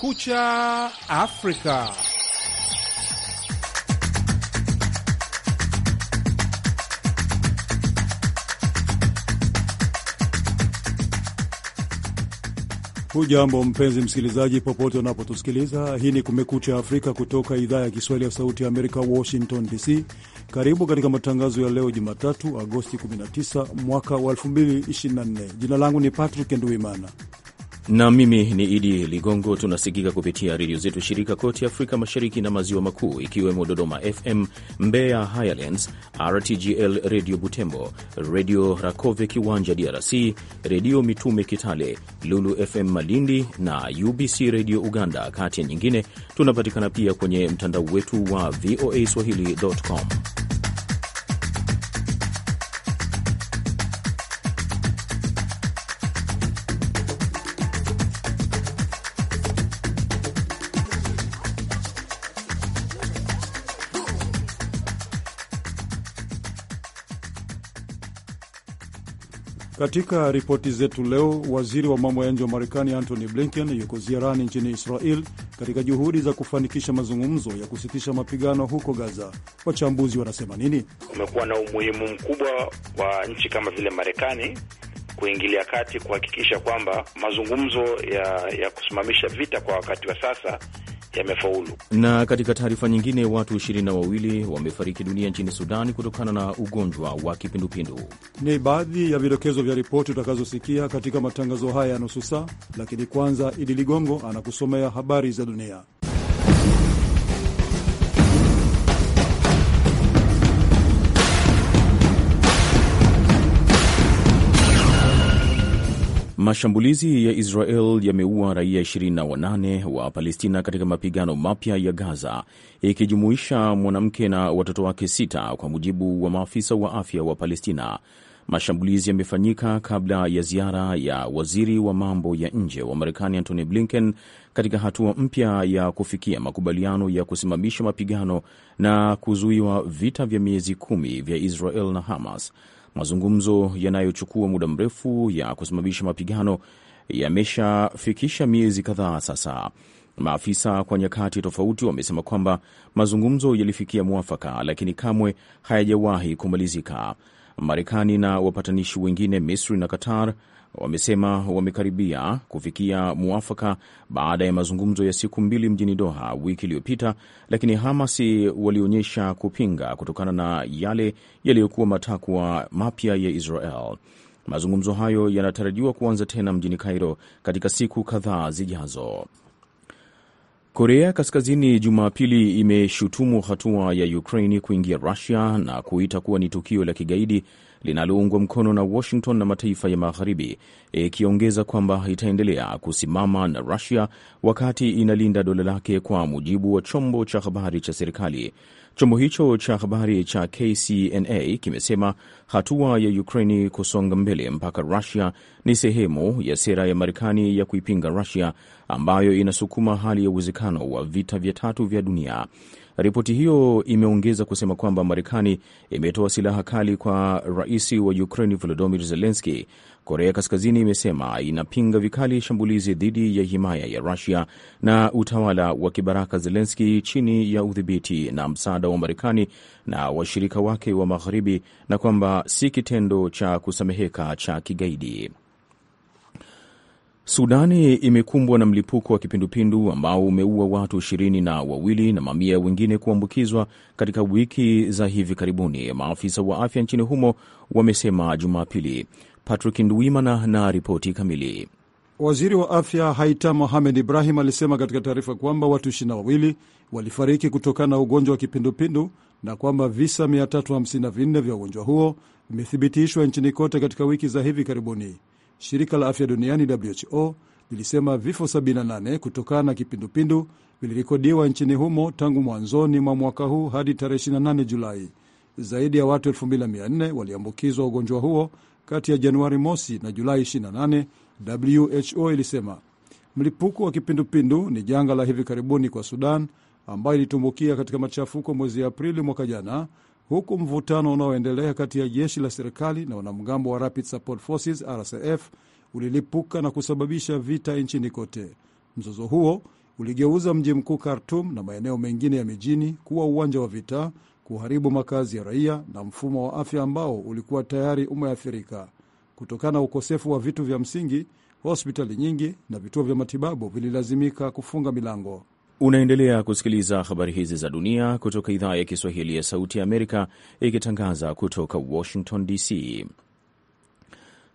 Kumekucha Afrika. Hujambo mpenzi msikilizaji, popote unapotusikiliza. Hii ni Kumekucha Afrika kutoka idhaa ya Kiswahili ya Sauti ya Amerika, Washington DC. Karibu katika matangazo ya leo Jumatatu, Agosti 19 mwaka wa 2024. Jina langu ni Patrick Nduimana na mimi ni Idi Ligongo. Tunasikika kupitia redio zetu shirika kote Afrika Mashariki na Maziwa Makuu, ikiwemo Dodoma FM, Mbeya Highlands, RTGL Redio Butembo, Redio Rakove Kiwanja DRC, Redio Mitume Kitale, Lulu FM Malindi na UBC Redio Uganda, kati ya nyingine. Tunapatikana pia kwenye mtandao wetu wa VOA swahili.com. Katika ripoti zetu leo, waziri wa mambo ya nje wa Marekani Antony Blinken yuko ziarani nchini Israel katika juhudi za kufanikisha mazungumzo ya kusitisha mapigano huko Gaza. Wachambuzi wanasema nini? Kumekuwa na umuhimu mkubwa wa nchi kama vile Marekani kuingilia kati kuhakikisha kwamba mazungumzo ya, ya kusimamisha vita kwa wakati wa sasa yamefaulu. Na katika taarifa nyingine, watu ishirini na wawili wamefariki dunia nchini sudani kutokana na ugonjwa wa kipindupindu. Ni baadhi ya vidokezo vya ripoti utakazosikia katika matangazo haya ya nusu saa, lakini kwanza Idi Ligongo anakusomea habari za dunia. Mashambulizi ya Israel yameua raia 28 wa Palestina katika mapigano mapya ya Gaza, ikijumuisha mwanamke na watoto wake sita, kwa mujibu wa maafisa wa afya wa Palestina. Mashambulizi yamefanyika kabla ya ziara ya waziri wa mambo ya nje wa Marekani Antony Blinken katika hatua mpya ya kufikia makubaliano ya kusimamisha mapigano na kuzuiwa vita vya miezi kumi vya Israel na Hamas. Mazungumzo yanayochukua muda mrefu ya kusimamisha mapigano yameshafikisha miezi kadhaa sasa. Maafisa kwa nyakati tofauti wamesema kwamba mazungumzo yalifikia mwafaka, lakini kamwe hayajawahi kumalizika. Marekani na wapatanishi wengine Misri na Qatar wamesema wamekaribia kufikia mwafaka baada ya mazungumzo ya siku mbili mjini Doha wiki iliyopita, lakini Hamasi walionyesha kupinga kutokana na yale yaliyokuwa matakwa mapya ya Israel. Mazungumzo hayo yanatarajiwa kuanza tena mjini Kairo katika siku kadhaa zijazo. Korea Kaskazini Jumapili imeshutumu hatua ya Ukraini kuingia Rusia na kuita kuwa ni tukio la kigaidi linaloungwa mkono na Washington na mataifa ya Magharibi, ikiongeza e kwamba itaendelea kusimama na Rusia wakati inalinda dola lake, kwa mujibu wa chombo cha habari cha serikali. Chombo hicho cha habari cha KCNA kimesema hatua ya Ukraini kusonga mbele mpaka Rusia ni sehemu ya sera ya Marekani ya kuipinga Rusia ambayo inasukuma hali ya uwezekano wa vita vya tatu vya dunia. Ripoti hiyo imeongeza kusema kwamba Marekani imetoa silaha kali kwa rais wa Ukraini Volodymyr Zelenski. Korea Kaskazini imesema inapinga vikali shambulizi dhidi ya himaya ya Rusia na utawala wa kibaraka Zelenski chini ya udhibiti na msaada wa Marekani na washirika wake wa Magharibi, na kwamba si kitendo cha kusameheka cha kigaidi. Sudani imekumbwa na mlipuko wa kipindupindu ambao umeua watu ishirini na wawili na mamia wengine kuambukizwa katika wiki za hivi karibuni, maafisa wa afya nchini humo wamesema Jumapili. Patrick nduimana na ripoti kamili. Waziri wa afya Haita Mohamed Ibrahim alisema katika taarifa kwamba watu ishirini na wawili walifariki kutokana na ugonjwa wa kipindupindu na kwamba visa 354 vya ugonjwa huo vimethibitishwa nchini kote katika wiki za hivi karibuni. Shirika la afya duniani WHO lilisema vifo 78 kutokana na kipindupindu vilirekodiwa nchini humo tangu mwanzoni mwa mwaka huu hadi tarehe 28 Julai. Zaidi ya watu 2400 waliambukizwa ugonjwa huo kati ya Januari mosi na Julai 28, WHO ilisema. Mlipuko wa kipindupindu ni janga la hivi karibuni kwa Sudan ambayo ilitumbukia katika machafuko mwezi Aprili mwaka jana huku mvutano unaoendelea kati ya jeshi la serikali na wanamgambo wa Rapid Support Forces RSF ulilipuka na kusababisha vita nchini kote. Mzozo huo uligeuza mji mkuu Khartum na maeneo mengine ya mijini kuwa uwanja wa vita, kuharibu makazi ya raia na mfumo wa afya ambao ulikuwa tayari umeathirika. Kutokana na ukosefu wa vitu vya msingi, hospitali nyingi na vituo vya matibabu vililazimika kufunga milango. Unaendelea kusikiliza habari hizi za dunia kutoka idhaa ya Kiswahili ya Sauti ya Amerika ikitangaza kutoka Washington DC.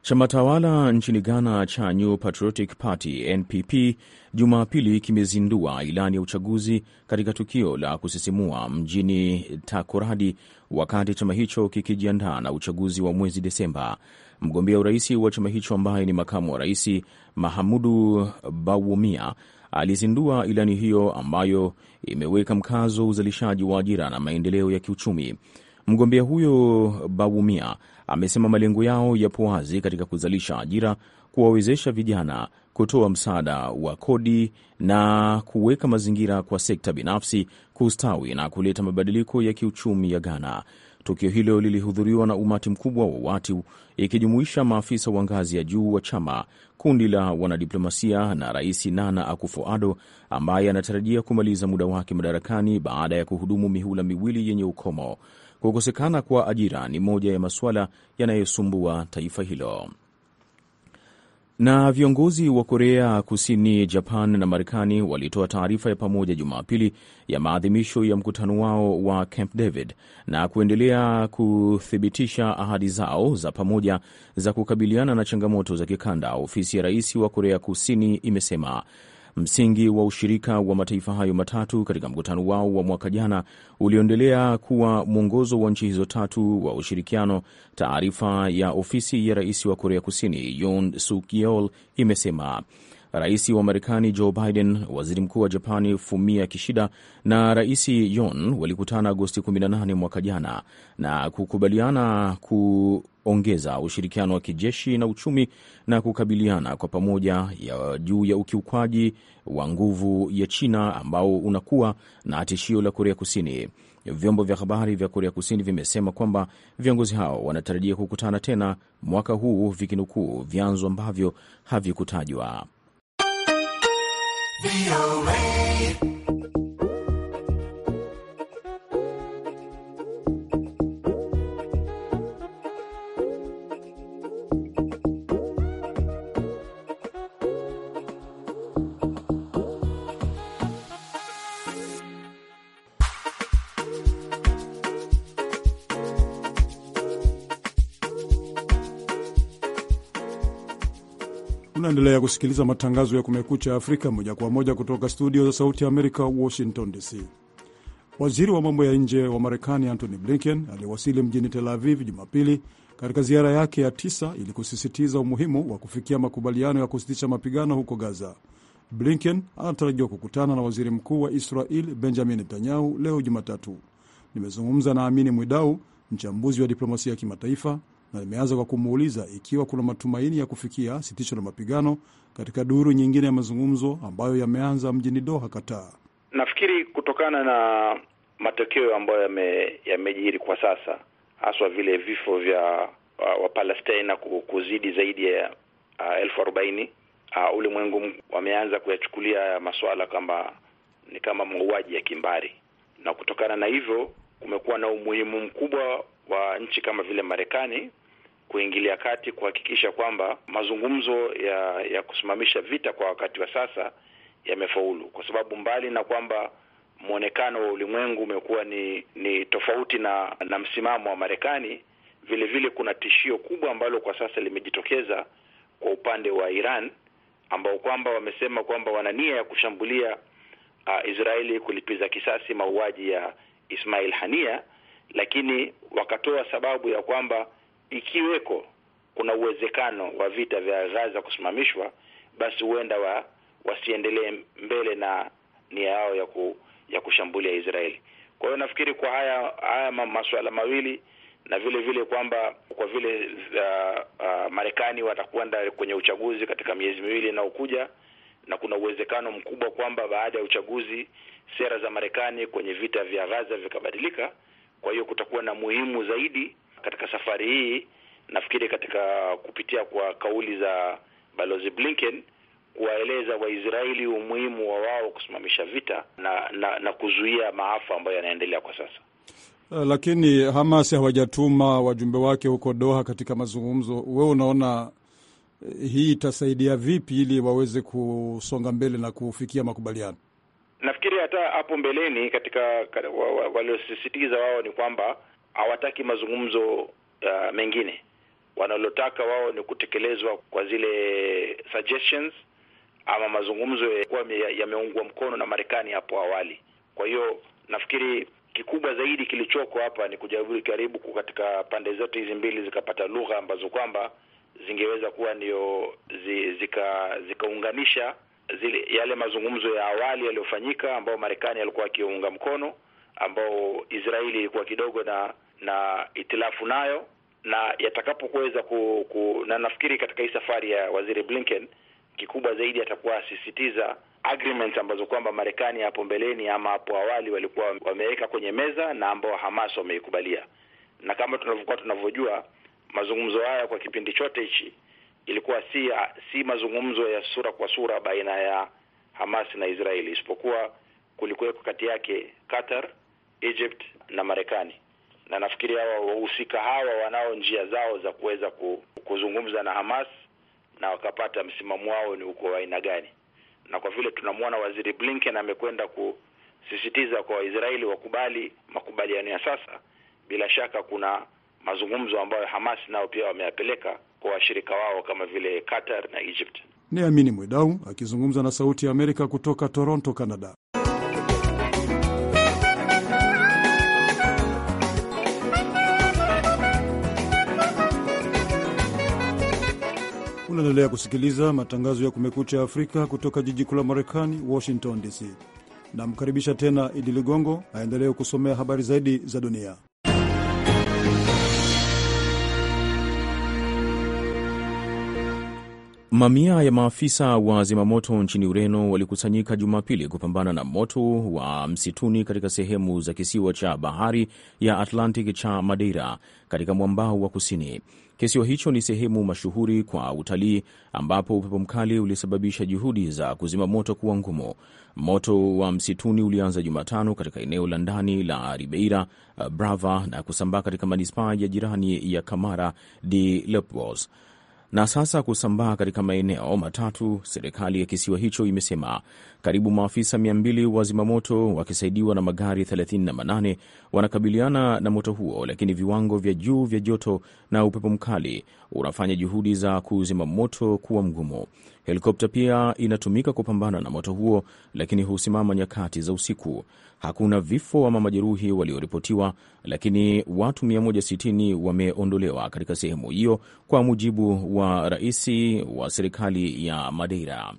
Chama tawala nchini Ghana cha New Patriotic Party NPP Jumapili kimezindua ilani ya uchaguzi katika tukio la kusisimua mjini Takoradi, wakati chama hicho kikijiandaa na uchaguzi wa mwezi Desemba. Mgombea urais wa chama hicho ambaye ni makamu wa rais Mahamudu Bawumia alizindua ilani hiyo ambayo imeweka mkazo uzalishaji wa ajira na maendeleo ya kiuchumi. Mgombea huyo Bawumia amesema malengo yao yapo wazi katika kuzalisha ajira, kuwawezesha vijana, kutoa msaada wa kodi na kuweka mazingira kwa sekta binafsi kustawi na kuleta mabadiliko ya kiuchumi ya Ghana. Tukio hilo lilihudhuriwa na umati mkubwa wa watu ikijumuisha maafisa wa ngazi ya juu wa chama kundi la wanadiplomasia na Rais Nana Akufo-Addo ambaye anatarajia kumaliza muda wake madarakani baada ya kuhudumu mihula miwili yenye ukomo. Kukosekana kwa ajira ni moja ya masuala yanayosumbua taifa hilo. Na viongozi wa Korea Kusini, Japan na Marekani walitoa taarifa ya pamoja Jumapili ya maadhimisho ya mkutano wao wa Camp David na kuendelea kuthibitisha ahadi zao za pamoja za kukabiliana na changamoto za kikanda, ofisi ya rais wa Korea Kusini imesema. Msingi wa ushirika wa mataifa hayo matatu katika mkutano wao wa mwaka jana ulioendelea kuwa mwongozo wa nchi hizo tatu wa ushirikiano. Taarifa ya ofisi ya rais wa Korea Kusini Yoon Suk Yeol imesema rais wa Marekani Joe Biden, waziri mkuu wa Japani Fumia Kishida na rais Yon walikutana Agosti 18 mwaka jana na kukubaliana ku ongeza ushirikiano wa kijeshi na uchumi na kukabiliana kwa pamoja ya juu ya ukiukwaji wa nguvu ya China ambao unakuwa na tishio la Korea Kusini. Vyombo vya habari vya Korea Kusini vimesema kwamba viongozi hao wanatarajia kukutana tena mwaka huu, vikinukuu vyanzo ambavyo havikutajwa. VOA. Unaendelea kusikiliza matangazo ya Kumekucha Afrika moja kwa moja kutoka studio za Sauti ya Amerika, Washington DC. Waziri wa mambo ya nje wa Marekani Antony Blinken aliwasili mjini Tel Aviv Jumapili katika ziara yake ya tisa ili kusisitiza umuhimu wa kufikia makubaliano ya kusitisha mapigano huko Gaza. Blinken anatarajiwa kukutana na waziri mkuu wa Israel Benjamin Netanyahu leo Jumatatu. Nimezungumza na Amini Mwidau, mchambuzi wa diplomasia ya kimataifa, na limeanza kwa kumuuliza ikiwa kuna matumaini ya kufikia sitisho la mapigano katika duru nyingine ya mazungumzo ambayo yameanza mjini Doha, Qatar. Nafikiri kutokana na matokeo ambayo yamejiri ya kwa sasa, haswa vile vifo vya uh, Wapalestina kuzidi zaidi ya uh, elfu arobaini uh, ulimwengu wameanza kuyachukulia masuala kwamba ni kama mauaji ya kimbari, na kutokana na hivyo kumekuwa na umuhimu mkubwa wa nchi kama vile Marekani kuingilia kati kuhakikisha kwamba mazungumzo ya ya kusimamisha vita kwa wakati wa sasa yamefaulu, kwa sababu mbali na kwamba mwonekano wa ulimwengu umekuwa ni ni tofauti na na msimamo wa Marekani, vile vile kuna tishio kubwa ambalo kwa sasa limejitokeza kwa upande wa Iran ambao kwamba wamesema kwamba wana nia ya kushambulia uh, Israeli kulipiza kisasi mauaji ya Ismail Hania, lakini wakatoa sababu ya kwamba ikiweko kuna uwezekano wa vita vya Gaza kusimamishwa, basi huenda wa, wasiendelee mbele na nia yao ya, ku, ya kushambulia Israeli. Kwa hiyo nafikiri kwa haya haya masuala mawili na vile vile kwamba kwa vile uh, uh, Marekani watakwenda kwenye uchaguzi katika miezi miwili inaokuja na kuna uwezekano mkubwa kwamba baada ya uchaguzi sera za Marekani kwenye vita vya Gaza vikabadilika. Kwa hiyo kutakuwa na muhimu zaidi katika safari hii, nafikiri katika kupitia kwa kauli za Balozi Blinken kuwaeleza Waisraeli umuhimu wa wao kusimamisha vita na na, na kuzuia maafa ambayo yanaendelea kwa sasa. Eh, lakini Hamas hawajatuma wajumbe wake huko Doha katika mazungumzo. Wewe unaona eh, hii itasaidia vipi ili waweze kusonga mbele na kufikia makubaliano? Nafikiri hata hapo mbeleni katika, katika waliyosisitiza wao ni kwamba hawataki mazungumzo uh, mengine. Wanalotaka wao ni kutekelezwa kwa zile suggestions ama mazungumzo yakuwa yameungwa mkono na Marekani hapo awali. Kwa hiyo nafikiri kikubwa zaidi kilichoko hapa ni kujaribu karibu katika pande zote hizi mbili zikapata lugha ambazo kwamba zingeweza kuwa ndio zikaunganisha zika, zile yale mazungumzo ya awali yaliyofanyika ambayo Marekani alikuwa akiunga mkono ambao Israeli ilikuwa kidogo na na itilafu nayo, na yatakapokuweza ku, ku, na nafikiri katika hii safari ya Waziri Blinken kikubwa zaidi atakuwa asisitiza agreements ambazo kwamba Marekani hapo mbeleni ama hapo awali walikuwa wameweka kwenye meza na ambao Hamas wameikubalia, na kama tunavyokuwa tunavyojua mazungumzo haya kwa kipindi chote hichi ilikuwa si si mazungumzo ya sura kwa sura baina ya Hamas na Israeli, isipokuwa kulikuweko kati yake Qatar Egypt na Marekani, na nafikiri hawa wahusika hawa wanao njia zao za kuweza kuzungumza na Hamas na wakapata msimamo wao ni uko aina gani, na kwa vile tunamwona Waziri Blinken amekwenda kusisitiza kwa Waisraeli wakubali makubaliano ya sasa, bila shaka kuna mazungumzo ambayo Hamas nao pia wameyapeleka kwa washirika wao kama vile Qatar na Egypt. Ni Amini Mwidau akizungumza na Sauti ya Amerika kutoka Toronto, Canada. Unaendelea kusikiliza matangazo ya Kumekucha Afrika kutoka jiji kuu la Marekani, Washington DC. Namkaribisha tena Idi Ligongo aendelee kusomea habari zaidi za dunia. Mamia ya maafisa wa zimamoto nchini Ureno walikusanyika Jumapili kupambana na moto wa msituni katika sehemu za kisiwa cha bahari ya Atlantic cha Madeira katika mwambao wa kusini. Kisiwa hicho ni sehemu mashuhuri kwa utalii, ambapo upepo mkali ulisababisha juhudi za kuzima moto kuwa ngumu. Moto wa msituni ulianza Jumatano katika eneo la ndani la Ribeira Brava na kusambaa katika manispaa ya jirani ya Camara de Lepos na sasa kusambaa katika maeneo matatu. Serikali ya kisiwa hicho imesema karibu maafisa 200 wa zimamoto wakisaidiwa na magari 38 wanakabiliana na moto huo, lakini viwango vya juu vya joto na upepo mkali unafanya juhudi za kuzima moto kuwa mgumu. Helikopta pia inatumika kupambana na moto huo, lakini husimama nyakati za usiku. Hakuna vifo ama majeruhi walioripotiwa, lakini watu 160 wameondolewa katika sehemu hiyo, kwa mujibu wa rais wa serikali ya Madeira.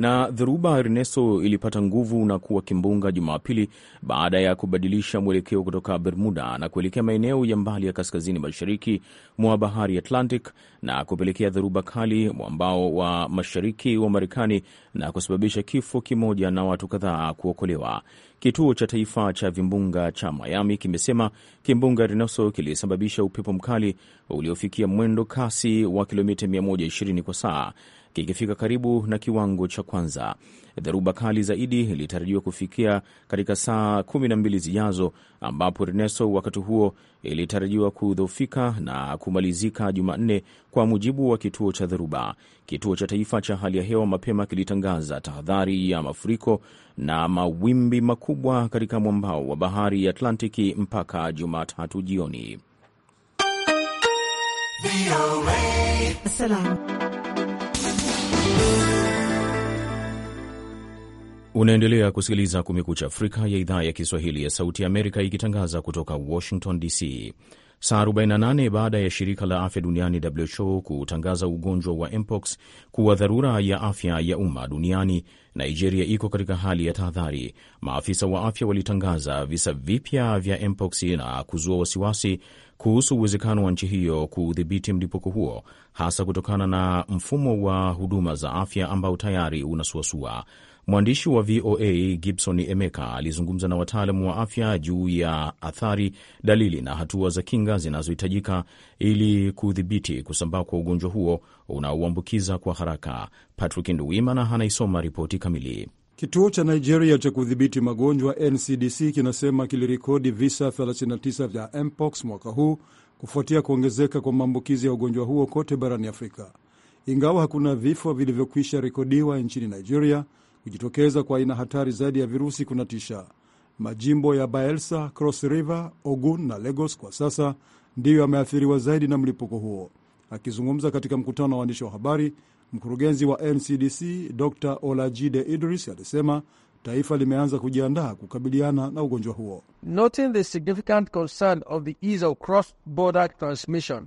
Na dhoruba Ernesto ilipata nguvu na kuwa kimbunga Jumapili baada ya kubadilisha mwelekeo kutoka Bermuda na kuelekea maeneo ya mbali ya kaskazini mashariki mwa bahari Atlantic na kupelekea dhoruba kali mwambao wa mashariki wa Marekani na kusababisha kifo kimoja na watu kadhaa kuokolewa. Kituo cha taifa cha vimbunga cha Miami kimesema kimbunga Ernesto kilisababisha upepo mkali uliofikia mwendo kasi wa kilomita 120 kwa saa kikifika karibu na kiwango cha kwanza. Dharuba kali zaidi ilitarajiwa kufikia katika saa kumi na mbili zijazo, ambapo rneso wakati huo ilitarajiwa kudhoofika na kumalizika Jumanne, kwa mujibu wa kituo cha dharuba. Kituo cha Taifa cha Hali ya Hewa mapema kilitangaza tahadhari ya mafuriko na mawimbi makubwa katika mwambao wa bahari ya Atlantiki mpaka Jumatatu jioni. Unaendelea kusikiliza Kumekucha Afrika ya idhaa ya Kiswahili ya Sauti Amerika ikitangaza kutoka Washington DC. Saa 48 baada ya shirika la afya duniani WHO kutangaza ugonjwa wa mpox kuwa dharura ya afya ya umma duniani, Nigeria iko katika hali ya tahadhari. Maafisa wa afya walitangaza visa vipya vya mpox na kuzua wasiwasi kuhusu uwezekano wa nchi hiyo kuudhibiti mlipuko huo, hasa kutokana na mfumo wa huduma za afya ambao tayari unasuasua. Mwandishi wa VOA Gibson Emeka alizungumza na wataalamu wa afya juu ya athari, dalili na hatua za kinga zinazohitajika ili kudhibiti kusambaa kwa ugonjwa huo unaoambukiza kwa haraka. Patrick Nduwimana anaisoma ripoti kamili. Kituo cha Nigeria cha kudhibiti magonjwa NCDC kinasema kilirekodi visa 39 vya mpox mwaka huu kufuatia kuongezeka kwa maambukizi ya ugonjwa huo kote barani Afrika. Ingawa hakuna vifo vilivyokwisha rekodiwa nchini Nigeria, kujitokeza kwa aina hatari zaidi ya virusi kunatisha. Majimbo ya Bayelsa, Cross River, Ogun na Lagos kwa sasa ndiyo yameathiriwa zaidi na mlipuko huo. Akizungumza katika mkutano wa waandishi wa habari, Mkurugenzi wa NCDC Dr Olajide Idris alisema taifa limeanza kujiandaa kukabiliana na ugonjwa huo. Noting the significant concern of the ease of cross-border transmission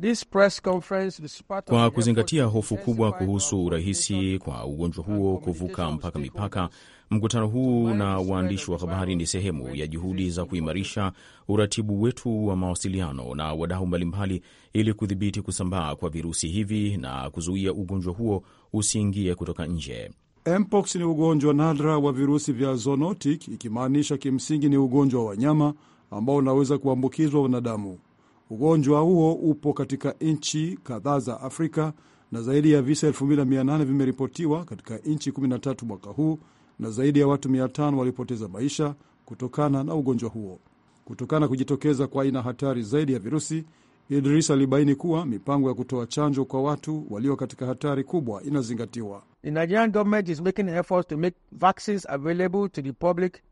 This press conference part kwa kuzingatia hofu kubwa kuhusu urahisi kwa ugonjwa huo kuvuka mpaka mipaka, Mkutano huu na waandishi wa habari ni sehemu ya juhudi za kuimarisha uratibu wetu wa mawasiliano na wadau mbalimbali ili kudhibiti kusambaa kwa virusi hivi na kuzuia ugonjwa huo usiingie kutoka nje. Mpox ni ugonjwa nadra wa virusi vya zoonotic, ikimaanisha kimsingi ni ugonjwa wa wanyama ambao unaweza kuambukizwa wanadamu. Ugonjwa huo upo katika nchi kadhaa za Afrika na zaidi ya visa 2800 vimeripotiwa katika nchi 13 mwaka huu na zaidi ya watu 500 walipoteza maisha kutokana na ugonjwa huo. Kutokana na kujitokeza kwa aina hatari zaidi ya virusi, Idris alibaini kuwa mipango ya kutoa chanjo kwa watu walio katika hatari kubwa inazingatiwa. The Nigerian government is making efforts to make vaccines available to the public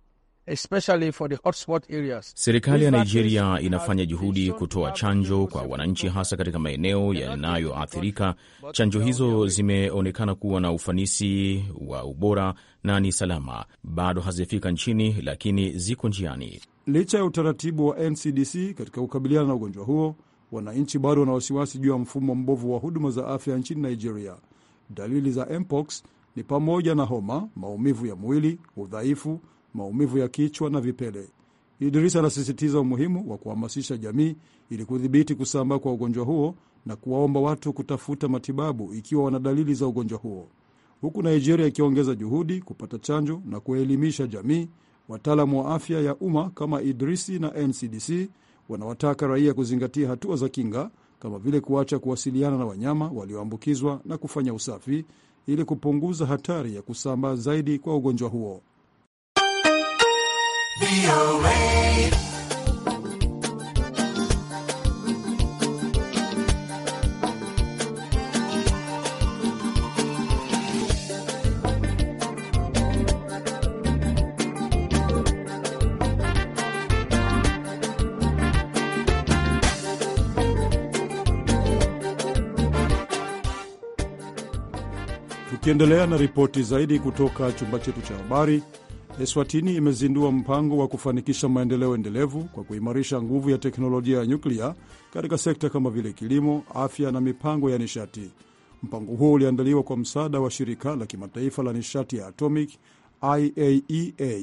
Especially for the hotspot areas. Serikali ya Nigeria inafanya juhudi kutoa chanjo kwa wananchi hasa katika maeneo yanayoathirika. Chanjo hizo zimeonekana kuwa na ufanisi wa ubora na ni salama. Bado hazifika nchini, lakini ziko njiani. Licha ya utaratibu wa NCDC katika kukabiliana na ugonjwa huo, wananchi bado wana wasiwasi juu ya mfumo mbovu wa huduma za afya nchini Nigeria. Dalili za mpox ni pamoja na homa, maumivu ya mwili, udhaifu maumivu ya kichwa na vipele. Idris anasisitiza umuhimu wa kuhamasisha jamii ili kudhibiti kusambaa kwa ugonjwa huo na kuwaomba watu kutafuta matibabu ikiwa wana dalili za ugonjwa huo, huku Nigeria ikiongeza juhudi kupata chanjo na kuelimisha jamii. Wataalamu wa afya ya umma kama Idrisi na NCDC wanawataka raia kuzingatia hatua za kinga kama vile kuacha kuwasiliana na wanyama walioambukizwa na kufanya usafi ili kupunguza hatari ya kusambaa zaidi kwa ugonjwa huo. Tukiendelea na ripoti zaidi kutoka chumba chetu cha habari. Eswatini imezindua mpango wa kufanikisha maendeleo endelevu kwa kuimarisha nguvu ya teknolojia ya nyuklia katika sekta kama vile kilimo, afya na mipango ya nishati. Mpango huo uliandaliwa kwa msaada wa shirika la kimataifa la nishati ya atomic IAEA.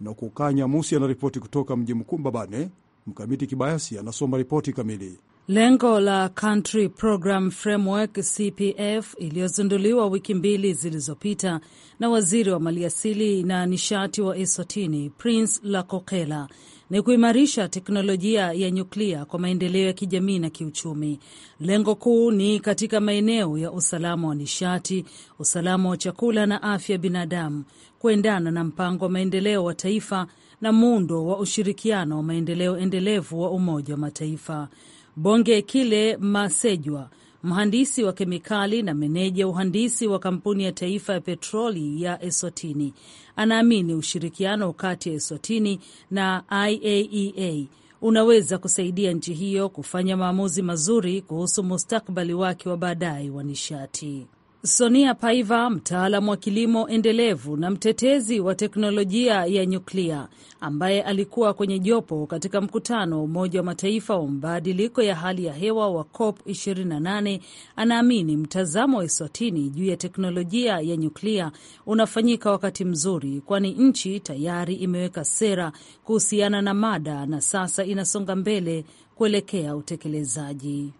Na kukanya Musi anaripoti kutoka mji mkuu Mbabane. Mkamiti Kibayasi anasoma ripoti kamili. Lengo la Country Program Framework CPF iliyozinduliwa wiki mbili zilizopita na waziri wa maliasili na nishati wa Eswatini Prince Lakokela ni kuimarisha teknolojia ya nyuklia kwa maendeleo ya kijamii na kiuchumi. Lengo kuu ni katika maeneo ya usalama wa nishati, usalama wa chakula na afya ya binadamu, kuendana na mpango wa maendeleo wa taifa na muundo wa ushirikiano wa maendeleo endelevu wa Umoja wa Mataifa bonge kile Masejwa, mhandisi wa kemikali na meneja uhandisi wa kampuni ya taifa ya petroli ya esotini anaamini ushirikiano kati ya esotini na IAEA e unaweza kusaidia nchi hiyo kufanya maamuzi mazuri kuhusu mustakabali wake wa baadaye wa nishati. Sonia Paiva, mtaalamu wa kilimo endelevu na mtetezi wa teknolojia ya nyuklia, ambaye alikuwa kwenye jopo katika mkutano wa Umoja wa Mataifa wa mabadiliko ya hali ya hewa wa COP 28, anaamini mtazamo wa Eswatini juu ya teknolojia ya nyuklia unafanyika wakati mzuri, kwani nchi tayari imeweka sera kuhusiana na mada na sasa inasonga mbele kuelekea utekelezaji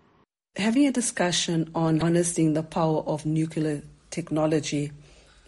having a discussion on harnessing the power of nuclear technology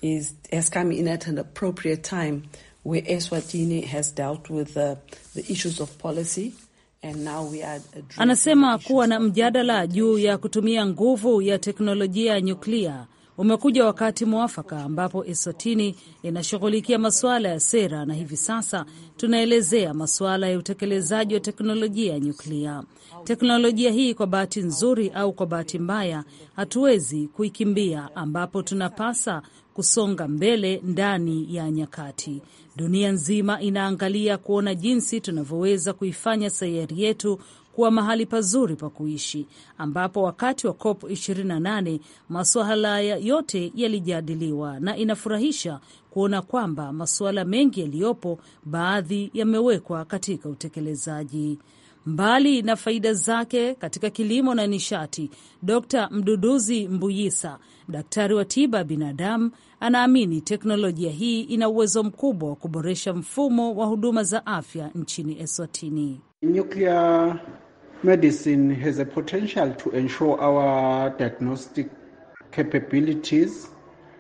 is has come in at an appropriate time where Eswatini has dealt with the, the issues of policy. And now we are anasema kuwa na mjadala juu ya kutumia nguvu ya teknolojia ya nyuklia umekuja wakati mwafaka ambapo Eswatini inashughulikia masuala ya sera, na hivi sasa tunaelezea masuala ya utekelezaji wa teknolojia ya nyuklia. Teknolojia hii kwa bahati nzuri au kwa bahati mbaya, hatuwezi kuikimbia, ambapo tunapasa kusonga mbele ndani ya nyakati. Dunia nzima inaangalia kuona jinsi tunavyoweza kuifanya sayari yetu kuwa mahali pazuri pa kuishi, ambapo wakati wa COP 28 masuala yote yalijadiliwa, na inafurahisha kuona kwamba masuala mengi yaliyopo, baadhi yamewekwa katika utekelezaji. Mbali na faida zake katika kilimo na nishati, Dr Mduduzi Mbuyisa, daktari wa tiba binadamu, anaamini teknolojia hii ina uwezo mkubwa wa kuboresha mfumo wa huduma za afya nchini Eswatini. Nyuklia Medicine has a potential to ensure our diagnostic capabilities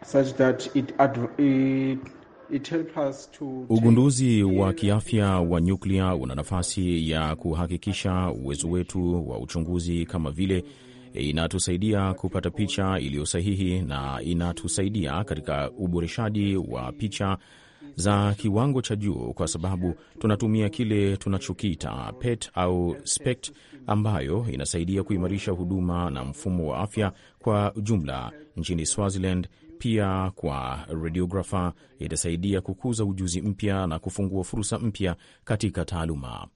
such that it, it, it help us to. Ugunduzi wa kiafya wa nyuklia una nafasi ya kuhakikisha uwezo wetu wa uchunguzi, kama vile inatusaidia kupata picha iliyo sahihi na inatusaidia katika uboreshaji wa picha za kiwango cha juu, kwa sababu tunatumia kile tunachokiita PET au SPECT ambayo inasaidia kuimarisha huduma na mfumo wa afya kwa ujumla nchini Swaziland. Pia kwa radiografa itasaidia kukuza ujuzi mpya na kufungua fursa mpya katika taaluma.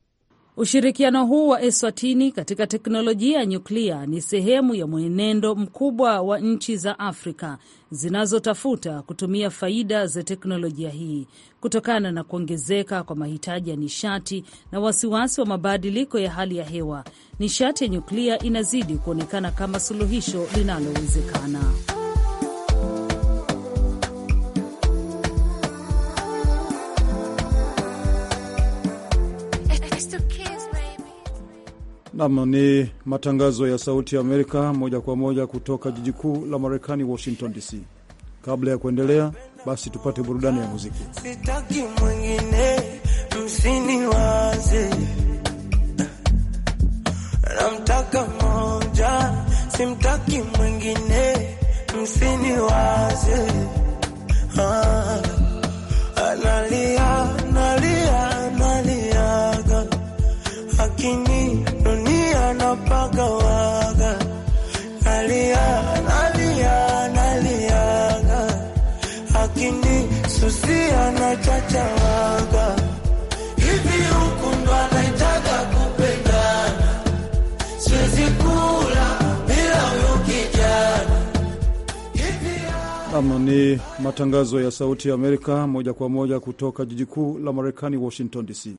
Ushirikiano huu wa Eswatini katika teknolojia ya nyuklia ni sehemu ya mwenendo mkubwa wa nchi za Afrika zinazotafuta kutumia faida za teknolojia hii kutokana na kuongezeka kwa mahitaji ya nishati na wasiwasi wa mabadiliko ya hali ya hewa. Nishati ya nyuklia inazidi kuonekana kama suluhisho linalowezekana. Nam ni matangazo ya Sauti ya Amerika moja kwa moja kutoka jiji kuu la Marekani, Washington DC. Kabla ya kuendelea, basi tupate burudani ya muziki. Sitaki mwingine msiniwaze, namtaka moja, simtaki mwingine msiniwaze. Ah, analia nalia nalia naliaga na hivi huku ndo kupendana siwezi kula bila kijana nam ni matangazo ya sauti ya Amerika moja kwa moja kutoka jiji kuu la Marekani, Washington DC.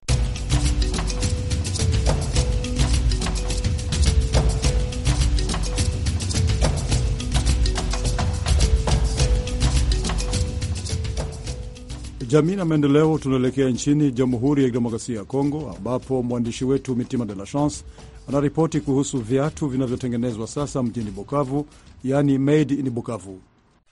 Jamii na maendeleo, tunaelekea nchini Jamhuri ya Kidemokrasia ya Kongo ambapo mwandishi wetu Mitima De La Chance anaripoti kuhusu viatu vinavyotengenezwa sasa mjini Bukavu, yaani made in Bukavu.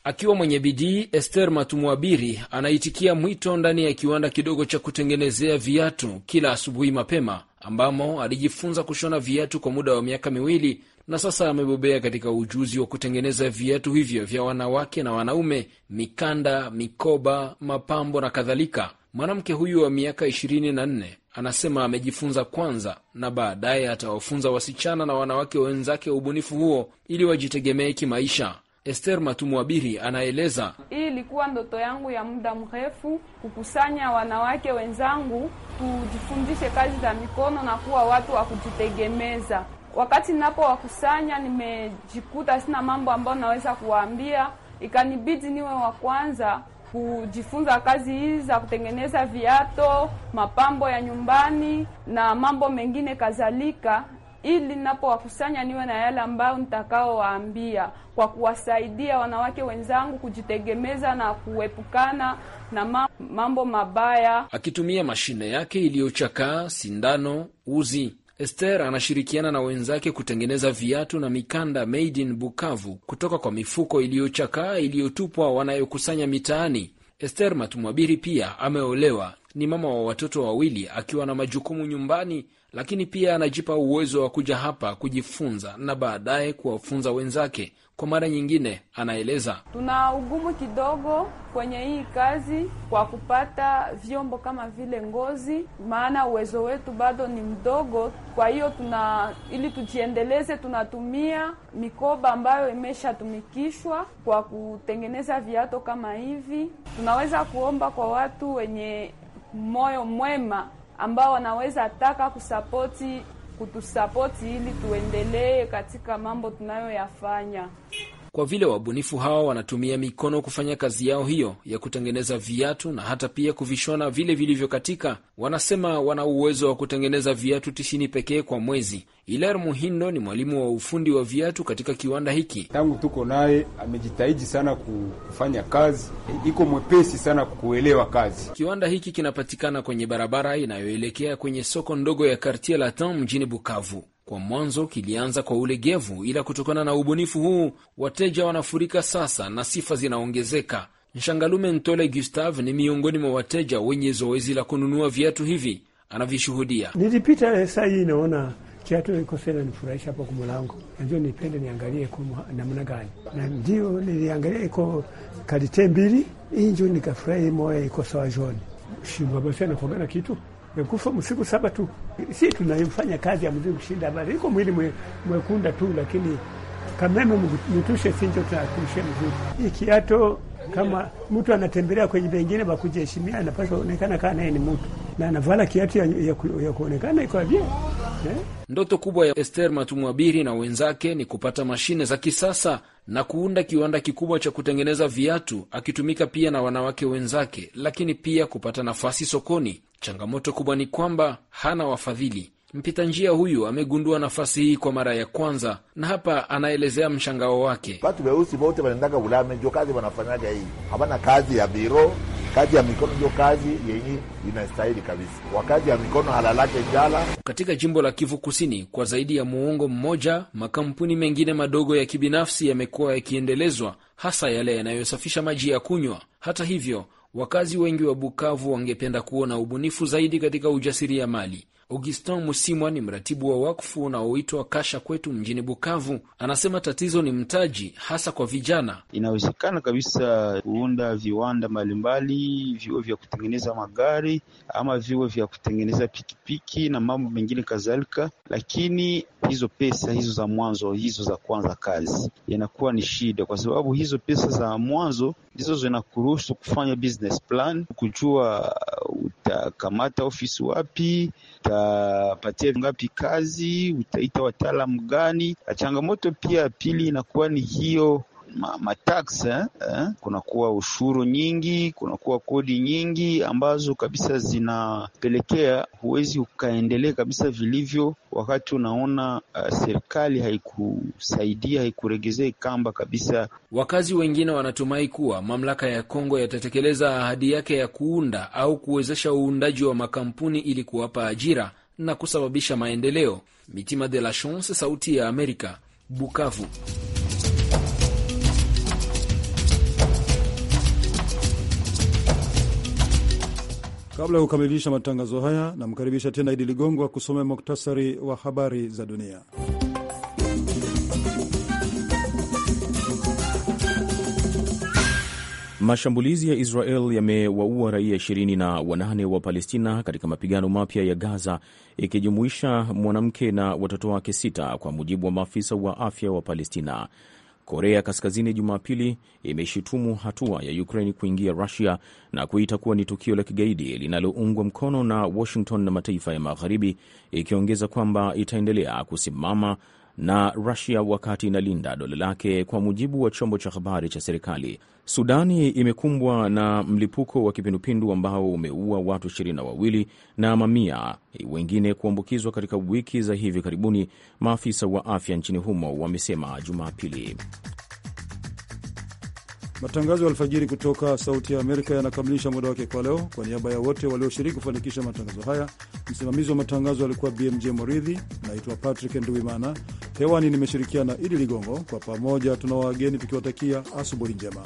Akiwa mwenye bidii, Ester Matumwabiri anaitikia mwito ndani ya kiwanda kidogo cha kutengenezea viatu kila asubuhi mapema, ambamo alijifunza kushona viatu kwa muda wa miaka miwili na sasa amebobea katika ujuzi wa kutengeneza viatu hivyo vya wanawake na wanaume, mikanda, mikoba, mapambo na kadhalika. Mwanamke huyu wa miaka ishirini na nne anasema amejifunza kwanza na baadaye atawafunza wasichana na wanawake wenzake ubunifu huo ili wajitegemee kimaisha. Ester Matumwabiri anaeleza. Hii ilikuwa ndoto yangu ya muda mrefu, kukusanya wanawake wenzangu tujifundishe kazi za mikono na kuwa watu wa kujitegemeza. Wakati ninapowakusanya nimejikuta sina mambo ambayo naweza kuwaambia, ikanibidi niwe wa kwanza kujifunza kazi hizi za kutengeneza viato, mapambo ya nyumbani na mambo mengine kadhalika, ili ninapowakusanya niwe na yale ambayo nitakaowaambia kwa kuwasaidia wanawake wenzangu kujitegemeza na kuepukana na mambo mabaya. Akitumia mashine yake iliyochakaa, sindano, uzi Esther anashirikiana na wenzake kutengeneza viatu na mikanda made in Bukavu kutoka kwa mifuko iliyochakaa iliyotupwa wanayokusanya mitaani. Esther Matumwabiri pia ameolewa, ni mama wa watoto wawili, akiwa na majukumu nyumbani, lakini pia anajipa uwezo wa kuja hapa kujifunza na baadaye kuwafunza wenzake. Kwa mara nyingine, anaeleza tuna ugumu kidogo kwenye hii kazi kwa kupata vyombo kama vile ngozi, maana uwezo wetu bado ni mdogo. Kwa hiyo tuna ili tujiendeleze, tunatumia mikoba ambayo imeshatumikishwa kwa kutengeneza viato kama hivi. Tunaweza kuomba kwa watu wenye moyo mwema ambao wanaweza taka kusapoti kutusapoti ili tuendelee katika mambo tunayoyafanya kwa vile wabunifu hawa wanatumia mikono kufanya kazi yao hiyo ya kutengeneza viatu na hata pia kuvishona vile vilivyokatika. Wanasema wana uwezo wa kutengeneza viatu tisini pekee kwa mwezi. Ilar Muhindo ni mwalimu wa ufundi wa viatu katika kiwanda hiki. Tangu tuko naye amejitahidi sana kufanya kazi, iko mwepesi sana kuelewa kazi. Kiwanda hiki kinapatikana kwenye barabara inayoelekea kwenye soko ndogo ya kartie Latin mjini Bukavu. Kwa mwanzo kilianza kwa ulegevu, ila kutokana na ubunifu huu wateja wanafurika sasa na sifa zinaongezeka. Nshangalume Ntole Gustav ni miongoni mwa wateja wenye zoezi la kununua viatu hivi, anavyoshuhudia. Nilipita saa hii naona kiatu ikosena nifurahisha hapo kumulango, mlango, najua nipende niangalie ko namna gani, na ndio niliangalia iko kalite mbili injo, nikafurahi moya iko sawa joni shimbabasanakwagana kitu Mekufa msiku saba tu, si tunayemfanya kazi ya mzimu kushinda bali iko mwili mwekunda tu, lakini kameme mtushe sinjo tunakushe mzimu. ikiato kiato kama mtu anatembelea kwenye vengine bakujiheshimia, anapaswa onekana kaa naye ni mtu na anavala kiatu ya, ya, ya kuonekana iko Ndoto kubwa ya Ester Matumwabiri na wenzake ni kupata mashine za kisasa na kuunda kiwanda kikubwa cha kutengeneza viatu, akitumika pia na wanawake wenzake, lakini pia kupata nafasi sokoni. Changamoto kubwa ni kwamba hana wafadhili. Mpita njia huyu amegundua nafasi hii kwa mara ya kwanza, na hapa anaelezea mshangao wake. Watu weusi wote wanaendaga Ulame, njo kazi wanafanyaga hii, hawana kazi ya biro Kazi ya mikono ndio kazi yenye inastahili kabisa, kwa kazi ya mikono halalake njala. Katika jimbo la Kivu Kusini, kwa zaidi ya muongo mmoja, makampuni mengine madogo ya kibinafsi yamekuwa yakiendelezwa, hasa yale yanayosafisha maji ya kunywa. Hata hivyo, wakazi wengi wa Bukavu wangependa kuona ubunifu zaidi katika mali Augustin Musimwa ni mratibu wa wakfu unaoitwa Kasha Kwetu mjini Bukavu. Anasema tatizo ni mtaji, hasa kwa vijana. Inawezekana kabisa kuunda viwanda mbalimbali, viwe vya kutengeneza magari ama viwe vya kutengeneza pikipiki na mambo mengine kadhalika, lakini hizo pesa hizo za mwanzo, hizo za kwanza kazi, inakuwa ni shida, kwa sababu hizo pesa za mwanzo ndizo zinakuruhusu kufanya business plan, kujua utakamata ofisi wapi, utapatia ngapi kazi, utaita wataalamu gani. Changamoto pia pili inakuwa ni hiyo matax ma eh, eh, kunakuwa ushuru nyingi, kunakuwa kodi nyingi ambazo kabisa zinapelekea huwezi ukaendelea kabisa vilivyo, wakati unaona uh, serikali haikusaidia haikuregezea kamba kabisa. Wakazi wengine wanatumai kuwa mamlaka ya Kongo yatatekeleza ahadi yake ya kuunda au kuwezesha uundaji wa makampuni ili kuwapa ajira na kusababisha maendeleo. Mitima de la Chance, Sauti ya Amerika, Bukavu. Kabla ya kukamilisha matangazo haya, namkaribisha tena Idi Ligongo kusomea muktasari wa habari za dunia. Mashambulizi ya Israel yamewaua raia ishirini na wanane wa Palestina katika mapigano mapya ya Gaza, ikijumuisha mwanamke na watoto wake sita, kwa mujibu wa maafisa wa afya wa Palestina. Korea Kaskazini Jumapili imeshutumu hatua ya Ukraine kuingia Rusia na kuita kuwa ni tukio la kigaidi linaloungwa mkono na Washington na mataifa ya Magharibi, ikiongeza kwamba itaendelea kusimama na Rusia wakati inalinda dola lake, kwa mujibu wa chombo cha habari cha serikali. Sudani imekumbwa na mlipuko wa kipindupindu ambao umeua watu ishirini na wawili na mamia wengine kuambukizwa katika wiki za hivi karibuni, maafisa wa afya nchini humo wamesema Jumapili. Matangazo ya alfajiri kutoka Sauti ya Amerika yanakamilisha muda wake kwa leo. Kwa niaba ya wote walioshiriki kufanikisha matangazo haya, msimamizi wa matangazo alikuwa BMJ Moridhi. Naitwa Patrick Nduimana, hewani nimeshirikiana na Idi Ligongo. Kwa pamoja tuna wageni tukiwatakia asubuhi njema.